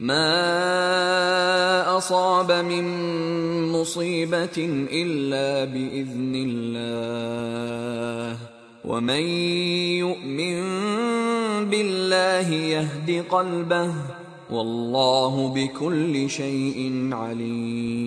ما اصاب من مصيبه الا باذن الله ومن يؤمن بالله يهد قلبه والله بكل شيء عليم